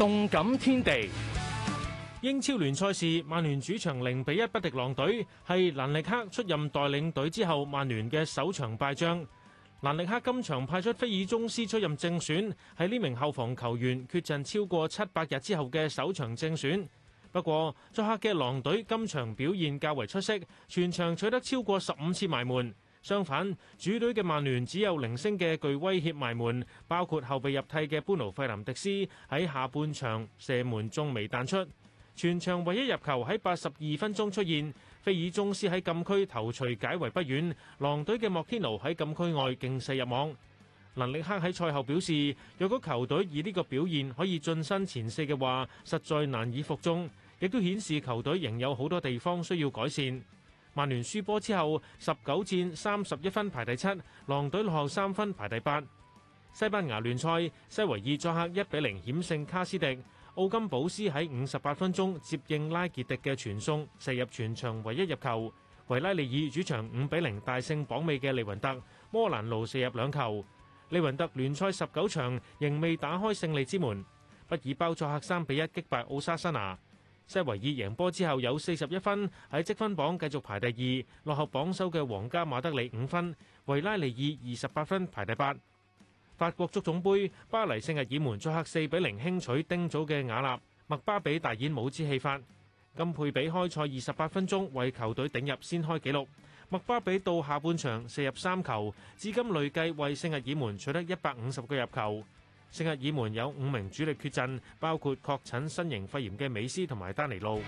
動感天地，英超聯賽事曼聯主場零比一不敵狼隊，係蘭歷克出任代領隊之後曼聯嘅首場敗仗。蘭歷克今場派出菲爾鍾斯出任正選，係呢名後防球員缺陣超過七百日之後嘅首場正選。不過，作客嘅狼隊今場表現較為出色，全場取得超過十五次埋門。相反，主隊嘅曼聯只有零星嘅具威脅埋門，包括後備入替嘅般奴費林迪斯喺下半場射門中未彈出。全場唯一入球喺八十二分鐘出現，菲爾鍾斯喺禁區頭槌解圍不遠，狼隊嘅莫天奴喺禁區外勁射入網。蘭歷克喺賽後表示，若果球隊以呢個表現可以晉身前四嘅話，實在難以服眾，亦都顯示球隊仍有好多地方需要改善。曼聯輸波之後，十九戰三十一分排第七，狼隊落後三分排第八。西班牙聯賽，西維爾作客一比零險勝卡斯迪，奧金堡斯喺五十八分鐘接應拉杰迪嘅傳送射入全場唯一入球。維拉利爾主場五比零大勝榜尾嘅利雲特，摩蘭路射入兩球。利雲特聯賽十九場仍未打開勝利之門，畢爾包作客三比一擊敗奧沙沙拿。西維爾贏波之後有四十一分喺積分榜繼續排第二，落後榜首嘅皇家馬德里五分。維拉利爾二十八分排第八。法國足總杯，巴黎聖日耳門作客四比零輕取丁組嘅瓦納。麥巴比大演帽子戲法，金佩比開賽二十八分鐘為球隊頂入先開紀錄。麥巴比到下半場射入三球，至今累計為聖日耳門取得一百五十個入球。聖日耳門有五名主力缺陣，包括確診新型肺炎嘅美斯同埋丹尼路。